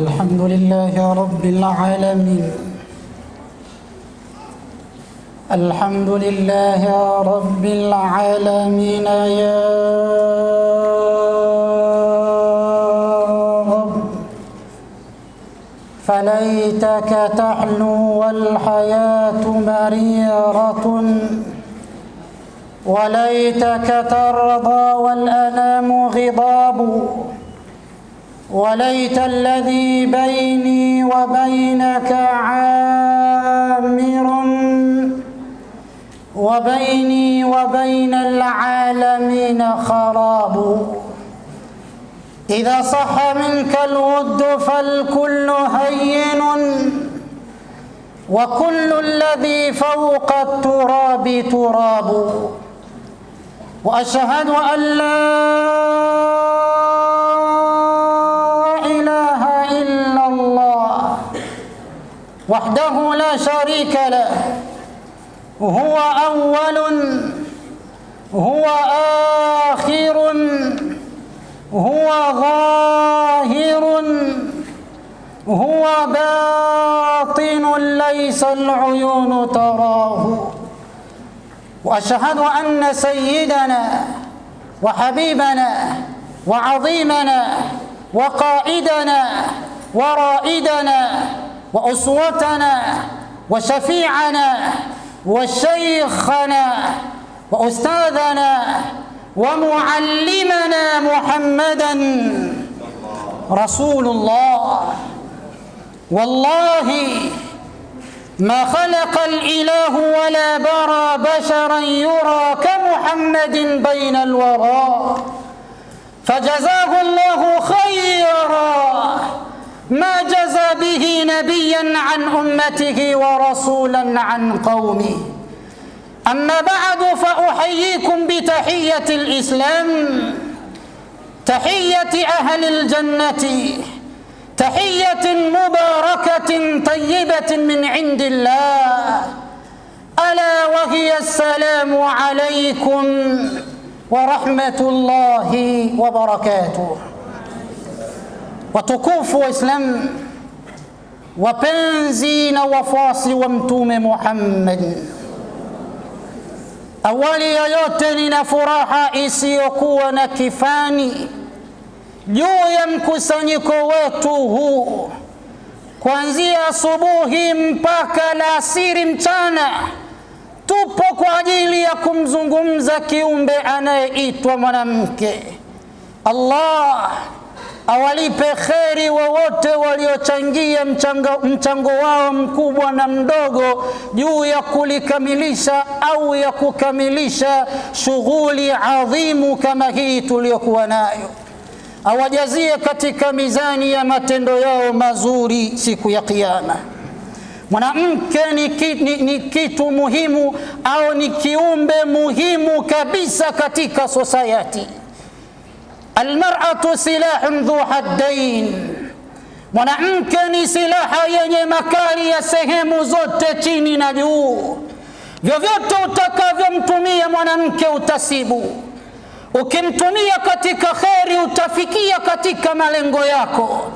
الحمد لله رب العالمين الحمد لله رب العالمين يا رب فليتك تحلو والحياة مريرة وليتك ترضى والأنام غضاب وليت الذي بيني وبينك عامر وبيني وبين العالمين خراب إذا صح منك الود فالكل هين وكل الذي فوق التراب تراب وأشهد أن لا وحده لا شريك له هو أول هو آخر هو ظاهر هو باطن ليس العيون تراه وأشهد أن سيدنا وحبيبنا وعظيمنا وقائدنا ورائدنا وأسوتنا وشفيعنا وشيخنا وأستاذنا ومعلمنا محمدا رسول الله والله ما خلق الإله ولا برى بشرا يرى كمحمد بين الورى فجزاه الله خيرا ما جزى به نبيا عن امته ورسولا عن قومه اما بعد فاحييكم بتحيه الاسلام تحيه اهل الجنه تحيه مباركه طيبه من عند الله الا وهي السلام عليكم ورحمه الله وبركاته Watukufu wa islam wapenzi na wafuasi wa Mtume Muhammad, awali ya yote nina furaha isiyokuwa na kifani juu ya mkusanyiko wetu huu kuanzia asubuhi mpaka la asiri mchana tupo kwa ajili ya kumzungumza kiumbe anayeitwa mwanamke Allah awalipe kheri wowote waliochangia mchango wao mkubwa na mdogo juu ya kulikamilisha au ya kukamilisha shughuli adhimu kama hii tuliyokuwa nayo. Awajazie katika mizani ya matendo yao mazuri siku ya Kiyama. Mwanamke ni, ki, ni, ni kitu muhimu au ni kiumbe muhimu kabisa katika society almar'atu silahun dhu haddain, mwanamke ni silaha yenye makali ya sehemu zote, chini na juu. Vyovyote utakavyomtumia mwanamke utasibu. Ukimtumia katika kheri utafikia katika malengo yako,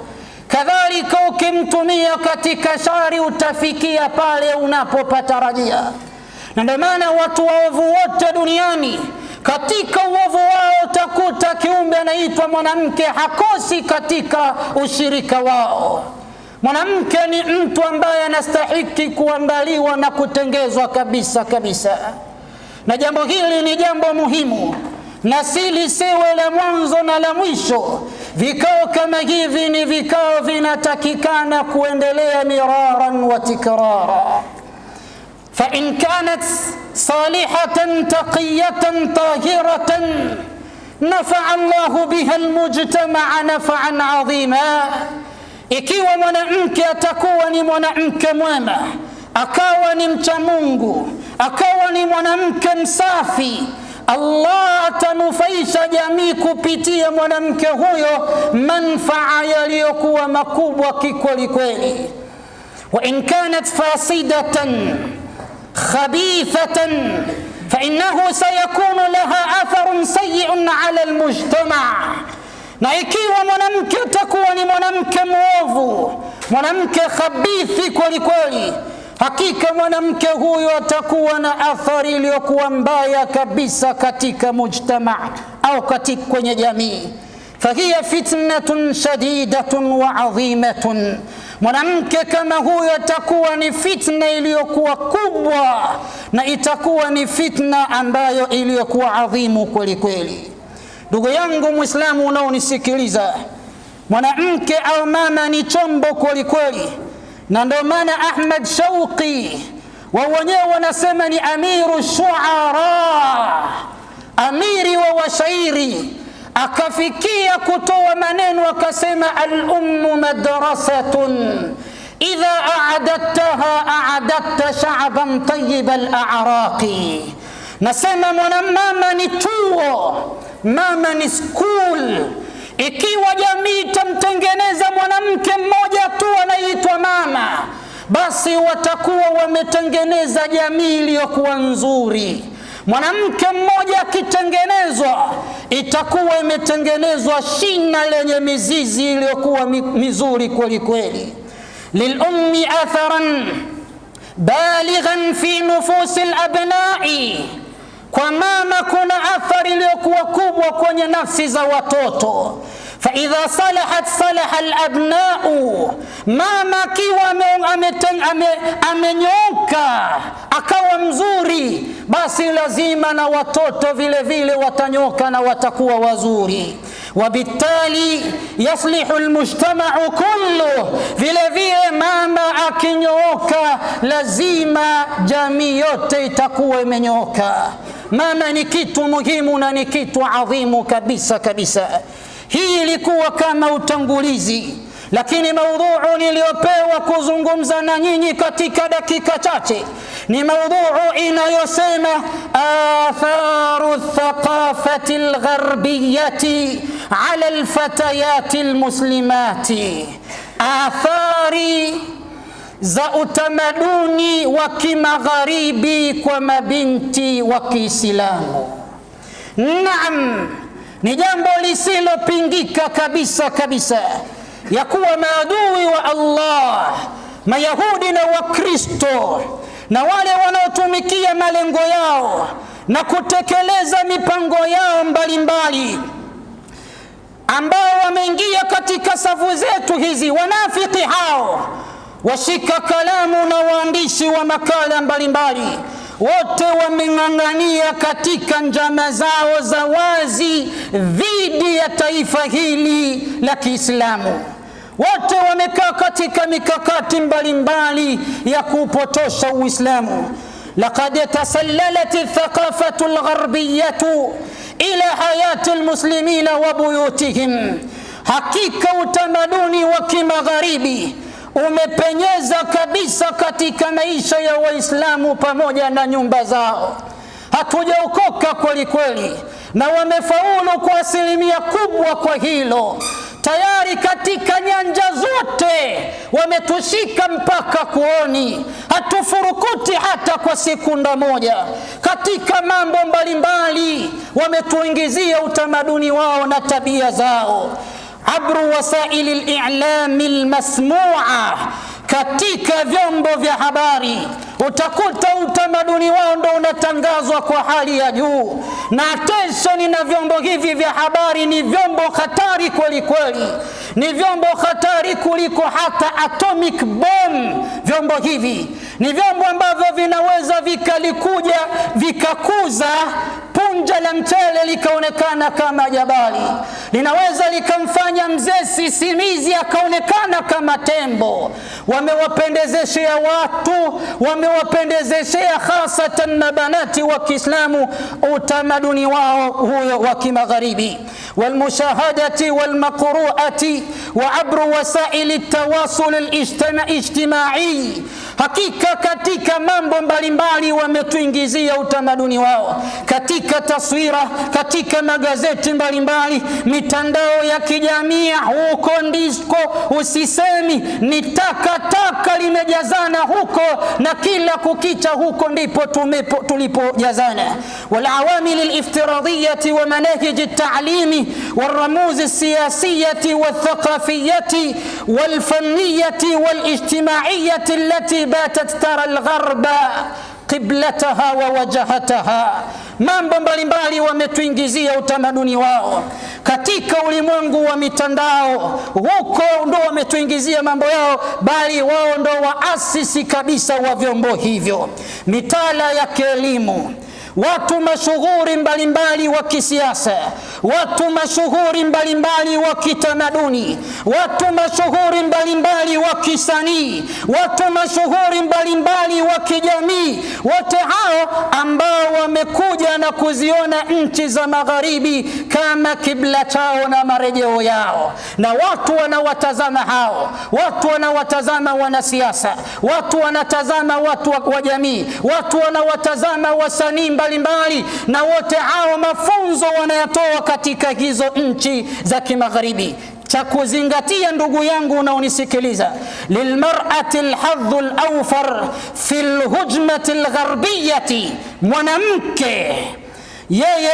kadhalika ukimtumia katika shari utafikia pale unapopatarajia. Na ndio maana watu waovu wote duniani katika uovu wao takuta kiumbe anaitwa mwanamke hakosi katika ushirika wao. Mwanamke ni mtu ambaye anastahiki kuandaliwa na kutengezwa kabisa kabisa, na jambo hili ni jambo muhimu na si lisiwe la mwanzo na la mwisho. Vikao kama hivi ni vikao vinatakikana kuendelea miraran wa tikrara. فإن كانت صالحة تقية طاهرة نفع Allah biha almujtamaa nafaan adhima. Ikiwa mwanamke atakuwa ni mwanamke mwema, akawa ni mcha Mungu, akawa ni mwanamke msafi, Allah atanufaisha jamii kupitia mwanamke huyo manfaa yaliyokuwa makubwa kikweli kweli. Wa in kanat fasidatan khabithatan fainahu sayakunu laha atharun sayiun ala lmujtamaa na ikiwa mwanamke atakuwa ni mwanamke mwovu, mwanamke khabithi kwelikweli, hakika mwanamke huyo atakuwa na athari iliyokuwa mbaya kabisa katika mujtamaa au katika kwenye jamii. fahiya fitnatun shadidatun wa adhimatun Mwanamke kama huyo atakuwa ni fitna iliyokuwa kubwa, na itakuwa ni fitna ambayo iliyokuwa adhimu kweli kweli. Ndugu yangu Mwislamu unaonisikiliza, mwanamke au mama ni chombo kweli kweli, na ndio maana Ahmad Shauqi wao wenyewe wanasema ni amiru shuara, amiri wa washairi akafikia kutoa maneno akasema, al-ummu madrasatun idha aadattaha aadatta sha'ban tayyib al nasema mwanamama ni chuo, mama ni school. Ikiwa jamii itamtengeneza mwanamke mmoja tu anaitwa mama, basi watakuwa wametengeneza jamii iliyokuwa nzuri. Mwanamke mmoja akitengenezwa, itakuwa imetengenezwa shina lenye mizizi iliyokuwa mizuri kweli kweli. Lilummi atharan balighan fi nufusi labnai, kwa mama kuna athari iliyokuwa kubwa kwenye nafsi za watoto faidha salahat salaha labnau mama akiwa amenyoka akawa mzuri, basi lazima na watoto vile vile watanyoka na watakuwa wazuri. Wabitali yaslihu almujtamau kullu, vile vile mama akinyooka, lazima jamii yote itakuwa imenyooka. Mama ni kitu muhimu na ni kitu adhimu kabisa kabisa. Hii ilikuwa kama utangulizi, lakini maudhuu niliyopewa kuzungumza na nyinyi katika dakika chache ni maudhuu inayosema atharu thaqafati lgharbiyati ala lfatayati lmuslimati athari za utamaduni wa kimagharibi kwa mabinti wa Kiislamu. Naam ni jambo lisilopingika kabisa kabisa ya kuwa maadui wa Allah Mayahudi na Wakristo na wale wanaotumikia malengo yao na kutekeleza mipango yao mbalimbali mbali, ambao wameingia katika safu zetu hizi, wanafiki hao washika kalamu na waandishi wa makala mbalimbali mbali wote wameng'ang'ania katika njama zao za wazi dhidi ya taifa hili la Kiislamu. Wote wamekaa katika mikakati mbalimbali ya kupotosha Uislamu. Laqad tasallalat thaqafatu lgharbiyatu ila hayati lmuslimina wa buyutihim, hakika utamaduni wa kimagharibi umepenyeza kabisa katika maisha ya Waislamu pamoja na nyumba zao. Hatujaokoka kweli kweli, na wamefaulu kwa asilimia kubwa kwa hilo tayari katika nyanja zote wametushika mpaka kuoni, hatufurukuti hata kwa sekunda moja. Katika mambo mbalimbali wametuingizia utamaduni wao na tabia zao abru wasaili lilami lmasmua, katika vyombo vya habari utakuta utamaduni wao ndo unatangazwa kwa hali ya juu, na attention na vyombo hivi vya habari ni vyombo hatari kweli kweli, ni vyombo hatari kuliko hata atomic bomb. Vyombo hivi ni vyombo ambavyo vinaweza vikalikuja vikakuza kunja la mtele likaonekana kama jabali, linaweza likamfanya mzee sisimizi akaonekana kama tembo. Wamewapendezeshea watu, wamewapendezeshea hasatan na banati wa Kiislamu utamaduni wao huyo wa Kimagharibi, walmushahadati walmaqruati wa abru wasaili tawasul lijtimai Hakika katika mambo mbalimbali wametuingizia utamaduni wao katika taswira katika magazeti mbalimbali mbali, mitandao ya kijamii huko ndiko usisemi ni takataka limejazana huko na kila kukicha huko ndipo tulipojazana والعوامل الإفتراضية ومناهج التعليم والرموز السياسية والثقافية والفنية والاجتماعية التي باتت ترى الغرب قبلتها ووجهتها mambo mbalimbali wametuingizia utamaduni wao katika ulimwengu wa mitandao, huko ndo wametuingizia mambo yao, bali wao ndo waasisi kabisa wa vyombo hivyo, mitaala ya kielimu watu mashughuri mbalimbali wa kisiasa, watu mashughuri mbalimbali wa kitamaduni, watu mashughuri mbalimbali wa kisanii, watu mashughuri mbalimbali wa kijamii, wote hao ambao wamekuja na kuziona nchi za magharibi kama kibla chao na marejeo yao, na watu wanawatazama hao, watu wanawatazama wanasiasa, watu wanatazama watu wa jamii, watu wanawatazama wasanii mbalimbali mbali, na wote hao mafunzo wanayatoa katika hizo nchi za kimagharibi. Cha kuzingatia ndugu yangu unaonisikiliza, lilmar'ati lhadhu alawfar fi lhujmati lgharbiyati mwanamke yeye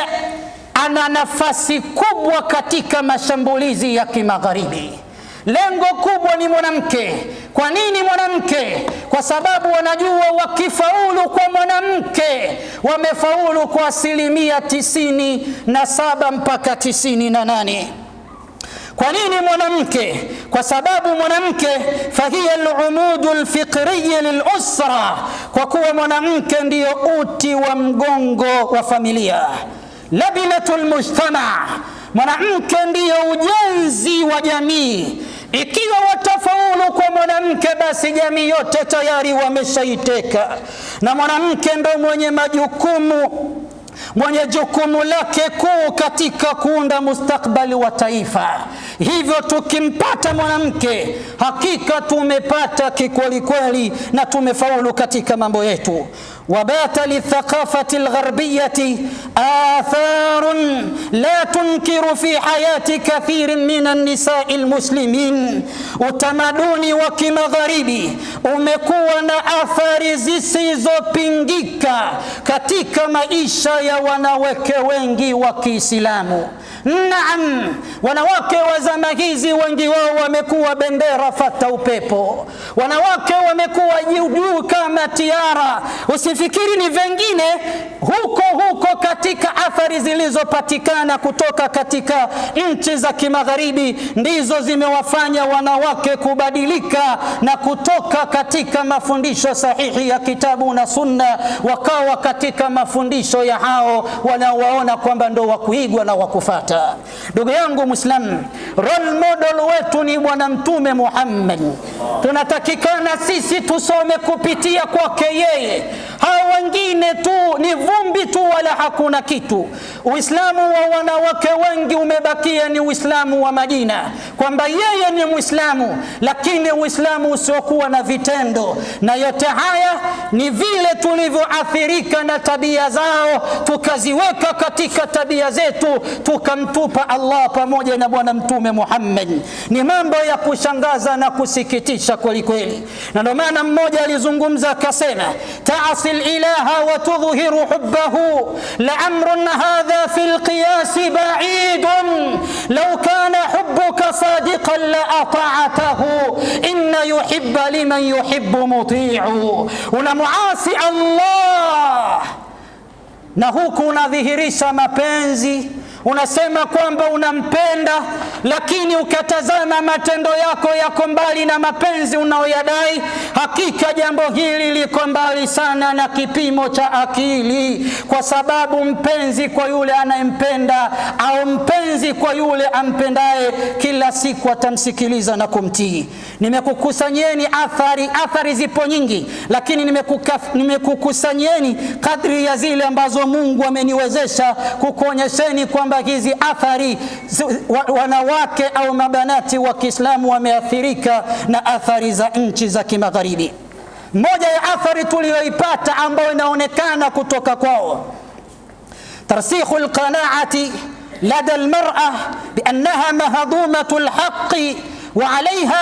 ana nafasi kubwa katika mashambulizi ya kimagharibi. Lengo kubwa ni mwanamke. Kwa nini mwanamke? Kwa sababu wanajua wakifaulu kwa mwanamke wamefaulu kwa asilimia tisini na saba mpaka tisini na nane. Kwa nini mwanamke? Kwa sababu mwanamke fahiya lumudu lfikriyi lilusra, kwa kuwa mwanamke ndiyo uti wa mgongo wa familia, labinatu lmujtama, mwanamke ndiyo ujenzi wa jamii ikiwa watafaulu kwa mwanamke, basi jamii yote tayari wameshaiteka, na mwanamke ndo mwenye majukumu mwenye jukumu lake kuu katika kuunda mustakbali wa taifa. Hivyo tukimpata mwanamke, hakika tumepata kikwelikweli na tumefaulu katika mambo yetu. وبات للثقافة الغربية آثار لا تنكر في حياة كثير من النساء المسلمين utamaduni wa kimagharibi umekuwa na athari zisizopingika katika maisha ya wanawake wengi wa Kiislamu. Naam, wanawake wa zama hizi wengi wao wamekuwa bendera fata upepo, wanawake wamekuwa juu kama tiara usifi ukifikiri ni vengine huko huko katika athari zilizopatikana kutoka katika nchi za kimagharibi ndizo zimewafanya wanawake kubadilika na kutoka katika mafundisho sahihi ya kitabu na sunna, wakawa katika mafundisho ya hao wanaowaona kwamba ndo wakuigwa na wakufata. Ndugu yangu Muislam, role model wetu ni Bwana Mtume Muhammad. Tunatakikana sisi tusome kupitia kwake yeye, hao wengine tu ni vumbi tu wala hakuna kitu. Uislamu wa wanawake wengi umebakia ni Uislamu wa majina, kwamba yeye ni Mwislamu, lakini Uislamu usiokuwa na vitendo. Na yote haya ni vile tulivyoathirika na tabia zao, tukaziweka katika tabia zetu, tukamtupa Allah pamoja na Bwana Mtume Muhammad. Ni mambo ya kushangaza na kusikitisha kwelikweli, na ndio maana mmoja alizungumza akasema, taasil ilaha wa tudhhiru hubbahu لعمر هذا في القياس بعيد لو كان حبك صادقا لأطعته إن يحب لمن يحب مطيع unamwasi الله نهوك نظهر unadhihirisha mapenzi Unasema kwamba unampenda, lakini ukatazama matendo yako yako mbali na mapenzi unaoyadai. Hakika jambo hili liko mbali sana na kipimo cha akili, kwa sababu mpenzi kwa yule anayempenda au mpenzi kwa yule ampendaye, kila siku atamsikiliza na kumtii. Nimekukusanyeni athari, athari zipo nyingi, lakini nimekukusanyeni kadri ya zile ambazo Mungu ameniwezesha kukuonyesheni kwamba kwamba hizi athari wanawake au mabanati wa Kiislamu wameathirika na athari za nchi za kimagharibi. Moja ya athari tuliyoipata ambayo inaonekana kutoka kwao, tarsikhu alqanaati lada almar'a biannaha mahdumatu alhaqi وعليها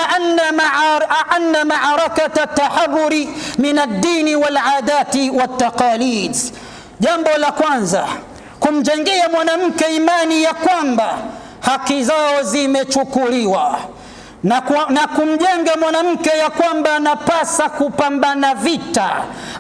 أن معركة التحرر من الدين والعادات والتقاليد. Jambo la kwanza kumjengea mwanamke imani ya kwamba haki zao zimechukuliwa na, na kumjenga mwanamke ya kwamba anapasa kupambana vita,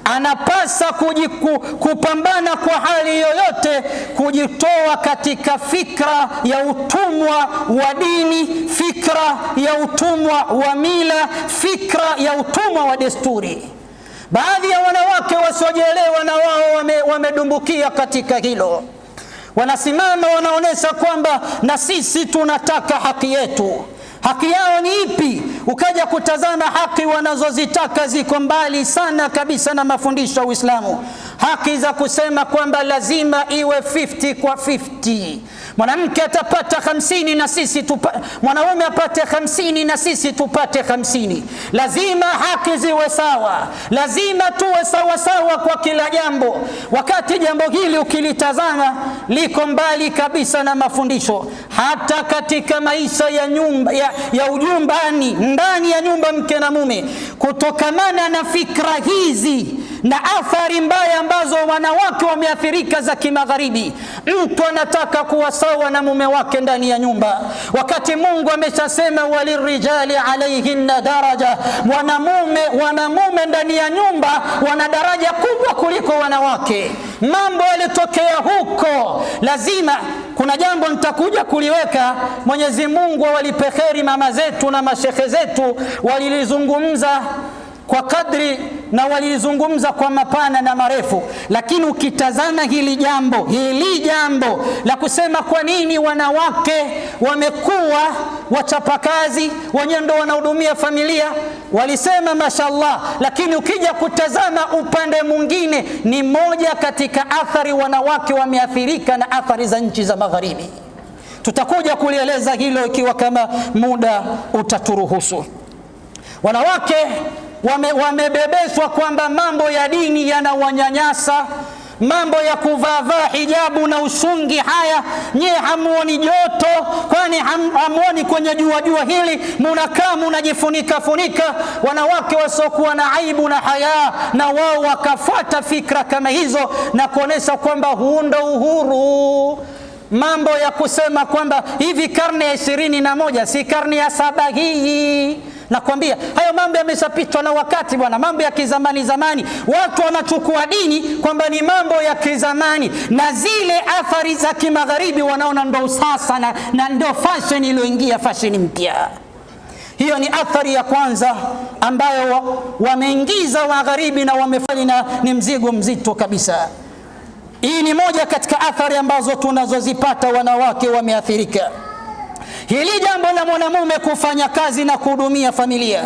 anapasa kujiku, kupambana kwa hali yoyote kujitoa katika fikra ya utumwa wa dini, fikra ya utumwa wa mila, fikra ya utumwa wa desturi. Baadhi ya wanawake wasiojielewa na wao wamedumbukia wame katika hilo, wanasimama wanaonyesha kwamba na sisi tunataka haki yetu. Haki yao ni ipi? Ukaja kutazama haki wanazozitaka ziko mbali sana kabisa na mafundisho ya Uislamu haki za kusema kwamba lazima iwe 50 kwa 50. Mwanamke atapata hamsini na sisi tupa, mwanaume apate hamsini na sisi tupate hamsini. Lazima haki ziwe sawa, lazima tuwe sawasawa sawa kwa kila jambo, wakati jambo hili ukilitazama liko mbali kabisa na mafundisho. Hata katika maisha ya, nyumba, ya, ya ujumbani ndani ya nyumba mke na mume, kutokamana na fikra hizi na athari mbaya ambazo wanawake wameathirika za kimagharibi. Mtu anataka kuwa sawa na mume wake ndani ya nyumba, wakati Mungu ameshasema walirijali alaihinna daraja, wanamume wanamume ndani ya nyumba wana daraja kubwa kuliko wanawake. Mambo yalitokea huko, lazima kuna jambo nitakuja kuliweka. Mwenyezi Mungu awalipe kheri mama zetu na mashehe zetu walilizungumza kwa kadri na walizungumza kwa mapana na marefu, lakini ukitazama hili jambo hili jambo la kusema kwa nini wanawake wamekuwa wachapakazi wenyewe ndo wanahudumia familia, walisema mashallah, lakini ukija kutazama upande mwingine, ni moja katika athari wanawake wameathirika na athari za nchi za magharibi. Tutakuja kulieleza hilo ikiwa kama muda utaturuhusu. Wanawake wame, wamebebeshwa kwamba mambo ya dini yanawanyanyasa mambo ya kuvaavaa hijabu na ushungi haya, nyie hamuoni joto? Kwani ham, hamuoni kwenye jua jua hili munakaa munajifunika funika? Wanawake wasiokuwa na aibu na haya, na wao wakafuata fikra kama hizo na kuonesha kwamba huundo uhuru. Mambo ya kusema kwamba hivi karne ya ishirini na moja si karne ya saba hii Nakwambia hayo mambo yameshapitwa na wakati bwana, mambo ya kizamani zamani. Watu wanachukua dini kwamba ni mambo ya kizamani, na zile athari za kimagharibi wanaona ndo sasa na, na ndo fashion iliyoingia, fashion mpya. Hiyo ni athari ya kwanza ambayo wameingiza Magharibi na wamefanya na ni mzigo mzito kabisa. Hii ni moja katika athari ambazo tunazozipata, wanawake wameathirika. Hili jambo la mwanamume kufanya kazi na kuhudumia familia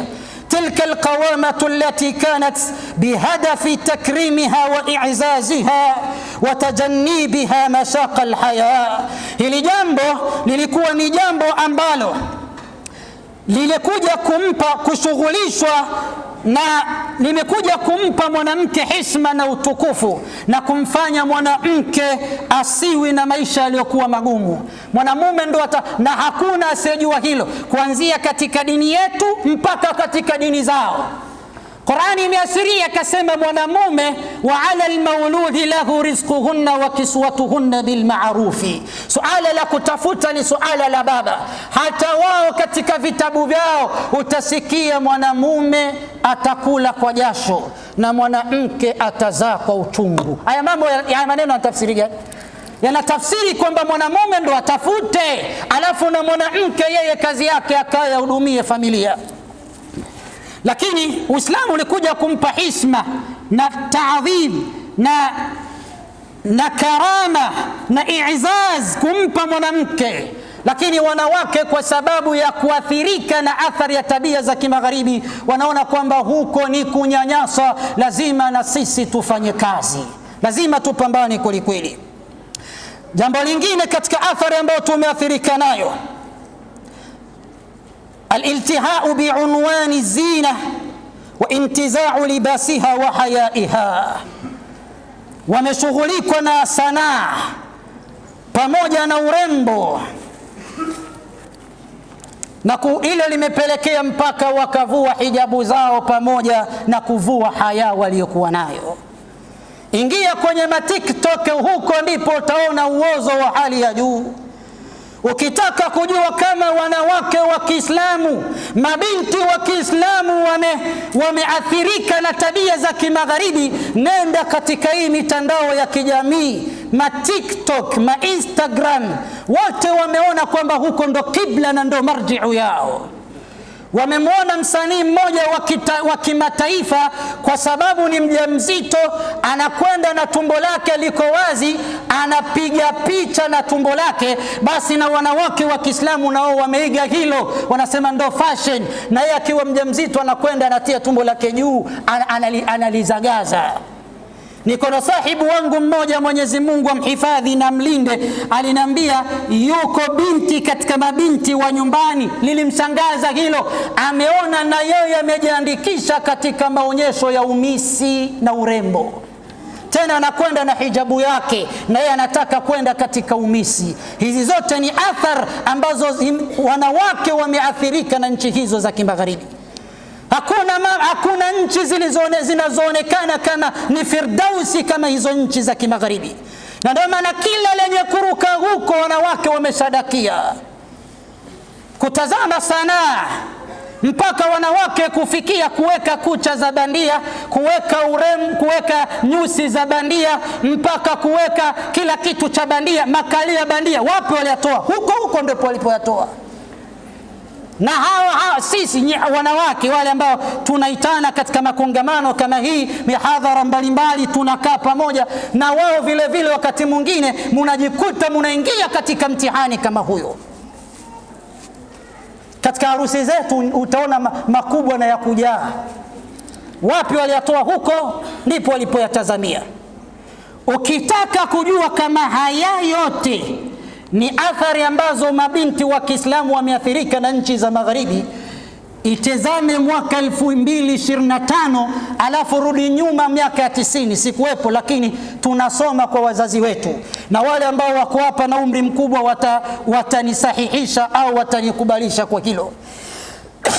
tilka alqawamatu allati kanat bihadafi takrimiha wa i'zaziha wa tajannibiha mashaqa alhaya, hili jambo lilikuwa ni jambo ambalo lilikuja kumpa kushughulishwa na limekuja kumpa mwanamke hisma na utukufu na kumfanya mwanamke asiwi na maisha yaliyokuwa magumu. Mwanamume ndo ata, na hakuna asiyejua hilo, kuanzia katika dini yetu mpaka katika dini zao. Qurani imeashiria akasema, mwanamume wa ala lmauludi lahu rizquhunna wa kiswatuhunna bilmaarufi. Suala la kutafuta ni suala la baba. Hata wao katika vitabu vyao utasikia mwanamume atakula kwa jasho na mwanamke atazaa kwa uchungu. Haya mambo ya maneno yanatafsiri gani? Yanatafsiri kwamba mwanamume ndo atafute, alafu na mwanamke yeye kazi yake akaye ahudumie familia lakini Uislamu ulikuja kumpa hisma na taadhim na, na karama na izaz kumpa mwanamke lakini wanawake kwa sababu ya kuathirika na athari ya tabia za kimagharibi wanaona kwamba huko ni kunyanyasa, lazima na sisi tufanye kazi, lazima tupambane kwelikweli. Jambo lingine katika athari ambayo tumeathirika nayo aliltihau biunwani zina wa intizau libasiha wa hayaiha, wameshughulikwa na sanaa pamoja na urembo na ile limepelekea mpaka wakavua hijabu zao pamoja na kuvua haya waliokuwa nayo. Ingia kwenye matiktok huko, ndipo utaona uozo wa hali ya juu. Ukitaka kujua kama wanawake wa Kiislamu, mabinti wa Kiislamu wameathirika wame na tabia za kimagharibi, nenda katika hii mitandao ya kijamii ma TikTok, ma Instagram, wote wameona kwamba huko ndo kibla na ndo marjiu yao. Wamemwona msanii mmoja wa kimataifa kwa sababu ni mjamzito, anakwenda na tumbo lake liko wazi, anapiga picha na tumbo lake. Basi na wanawake wa Kiislamu nao wameiga hilo, wanasema ndo fashion. Na yeye akiwa mjamzito anakwenda anatia tumbo lake juu, analizagaza. Niko na sahibu wangu mmoja, Mwenyezi Mungu amhifadhi na mlinde, aliniambia yuko binti katika mabinti wa nyumbani. Lilimshangaza hilo, ameona na yeye amejiandikisha katika maonyesho ya umisi na urembo, tena anakwenda na hijabu yake, na yeye anataka kwenda katika umisi. Hizi zote ni athar ambazo wanawake wameathirika na nchi hizo za kimagharibi. Hakuna, ma, hakuna nchi zinazoonekana kama ni firdausi kama hizo nchi za kimagharibi, na ndio maana kila lenye kuruka huko wanawake wamesadakia kutazama sanaa mpaka wanawake kufikia kuweka kucha za bandia, kuweka urem, kuweka nyusi za bandia, mpaka kuweka kila kitu cha bandia, makalia bandia. Wapi waliyatoa? Huko huko ndipo walipoyatoa na hawa hawa sisi wanawake wale ambao tunaitana katika makongamano kama hii, mihadhara mbalimbali, tunakaa pamoja na wao vile vile, wakati mwingine munajikuta munaingia katika mtihani kama huyo. Katika harusi zetu utaona makubwa na ya kujaa. Wapi waliyatoa? Huko ndipo walipoyatazamia. Ukitaka kujua kama haya yote ni athari ambazo mabinti wa Kiislamu wameathirika na nchi za Magharibi. Itezame mwaka 2025 alafu rudi nyuma miaka ya 90, Sikuwepo, lakini tunasoma kwa wazazi wetu, na wale ambao wako hapa na umri mkubwa wata, watanisahihisha au watanikubalisha kwa hilo.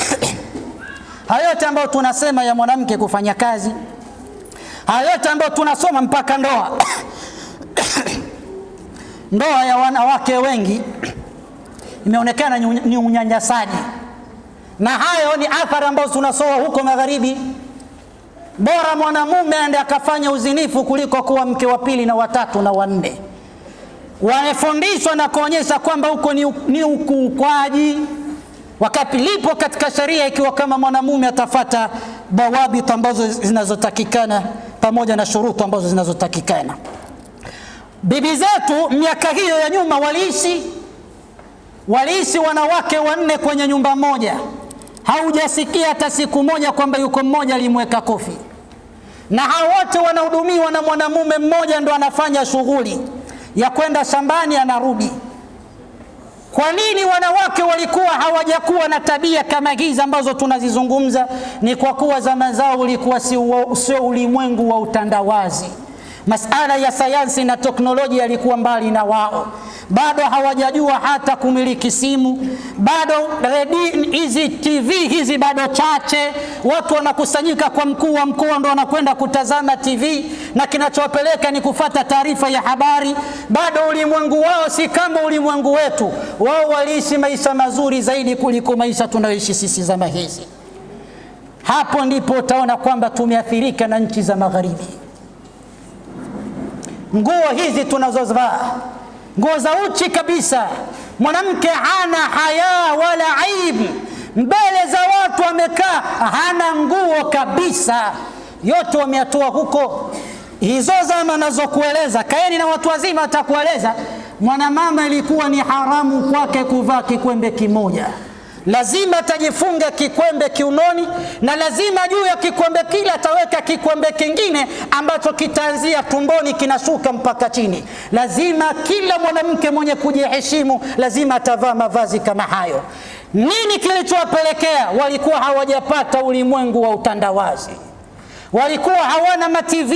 Hayo yote ambayo tunasema ya mwanamke kufanya kazi, hayo yote ambayo tunasoma mpaka ndoa Ndoa ya wanawake wengi imeonekana ni unyanyasaji, na hayo ni athari ambazo tunasoa huko magharibi. Bora mwanamume aende akafanya uzinifu kuliko kuwa mke wa pili na watatu na wanne. Wamefundishwa na kuonyesha kwamba huko ni, ni ukuukwaji, wakati lipo katika sheria, ikiwa kama mwanamume atafata dawabit ambazo zinazotakikana pamoja na shurutu ambazo zinazotakikana. Bibi zetu miaka hiyo ya nyuma waliishi waliishi wanawake wanne kwenye nyumba moja, haujasikia hata siku moja kwamba yuko mmoja alimweka kofi, na hao wote wanahudumiwa na mwanamume mmoja, ndo anafanya shughuli ya kwenda shambani anarudi. Kwa nini wanawake walikuwa hawajakuwa na tabia kama hizi ambazo tunazizungumza? Ni kwa kuwa zama zao ulikuwa sio ulimwengu wa utandawazi. Masala ya sayansi na teknolojia yalikuwa mbali na wao, bado hawajajua hata kumiliki simu, bado redi hizi, TV hizi bado chache. Watu wanakusanyika kwa mkuu wa mkoa ndo wanakwenda kutazama TV na kinachowapeleka ni kufata taarifa ya habari. Bado ulimwengu wao si kama ulimwengu wetu. Wao waliishi maisha mazuri zaidi kuliko maisha tunayoishi sisi zama hizi. Hapo ndipo utaona kwamba tumeathirika na nchi za Magharibi nguo hizi tunazozivaa, nguo za uchi kabisa. Mwanamke hana haya wala aib mbele za watu amekaa, hana nguo kabisa, yote wameatoa huko. Hizo zama nazokueleza, kaeni na watu wazima, atakueleza mwanamama ilikuwa ni haramu kwake kuvaa kikwembe kimoja lazima atajifunga kikwembe kiunoni, na lazima juu ya kikwembe kile ataweka kikwembe kingine ambacho kitaanzia tumboni kinashuka mpaka chini. Lazima kila mwanamke mwenye kujiheshimu lazima atavaa mavazi kama hayo. Nini kilichowapelekea? Walikuwa hawajapata ulimwengu wa utandawazi walikuwa hawana matv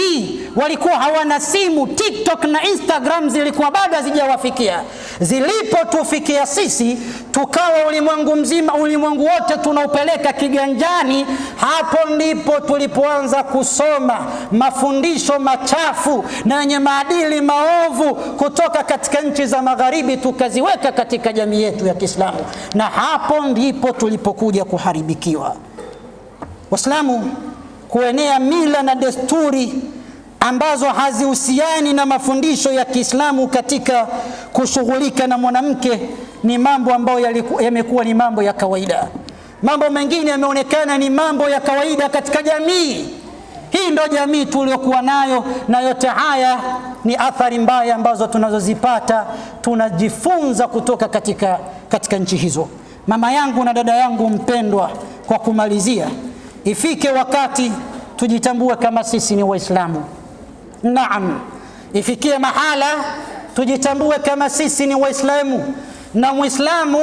walikuwa hawana simu. TikTok na Instagram zilikuwa bado hazijawafikia. Zilipotufikia sisi, tukawa ulimwengu mzima, ulimwengu wote tunaupeleka kiganjani. Hapo ndipo tulipoanza kusoma mafundisho machafu na yenye maadili maovu kutoka katika nchi za Magharibi, tukaziweka katika jamii yetu ya Kiislamu, na hapo ndipo tulipokuja kuharibikiwa Waislamu kuenea mila na desturi ambazo hazihusiani na mafundisho ya Kiislamu katika kushughulika na mwanamke ni mambo ambayo yamekuwa ni mambo ya kawaida. Mambo mengine yameonekana ni mambo ya kawaida katika jamii hii. Ndo jamii tuliyokuwa nayo, na yote haya ni athari mbaya ambazo tunazozipata, tunajifunza kutoka katika, katika nchi hizo. Mama yangu na dada yangu mpendwa, kwa kumalizia Ifike wakati tujitambue kama sisi ni Waislamu. Naam, ifikie mahala tujitambue kama sisi ni Waislamu, na Mwislamu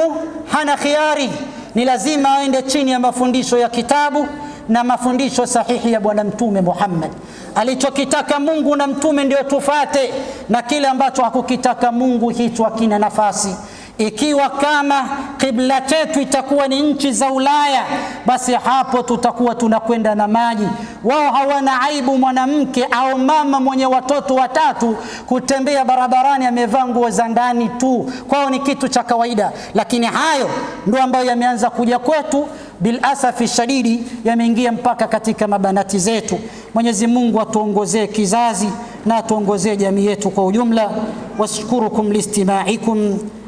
hana khiari, ni lazima aende chini ya mafundisho ya kitabu na mafundisho sahihi ya Bwana Mtume Muhammad. Alichokitaka Mungu na Mtume ndio tufate, na kile ambacho hakukitaka Mungu hicho hakina nafasi. Ikiwa kama kibla chetu itakuwa ni nchi za Ulaya, basi hapo tutakuwa tunakwenda na maji. Wao hawana aibu mwanamke au mama mwenye watoto watatu kutembea barabarani amevaa nguo za ndani tu, kwao ni kitu cha kawaida. Lakini hayo ndio ambayo yameanza kuja kwetu, bilasafi shadidi, yameingia mpaka katika mabanati zetu. Mwenyezi Mungu atuongozee kizazi na atuongozee jamii yetu kwa ujumla. Washkurukum listimaikum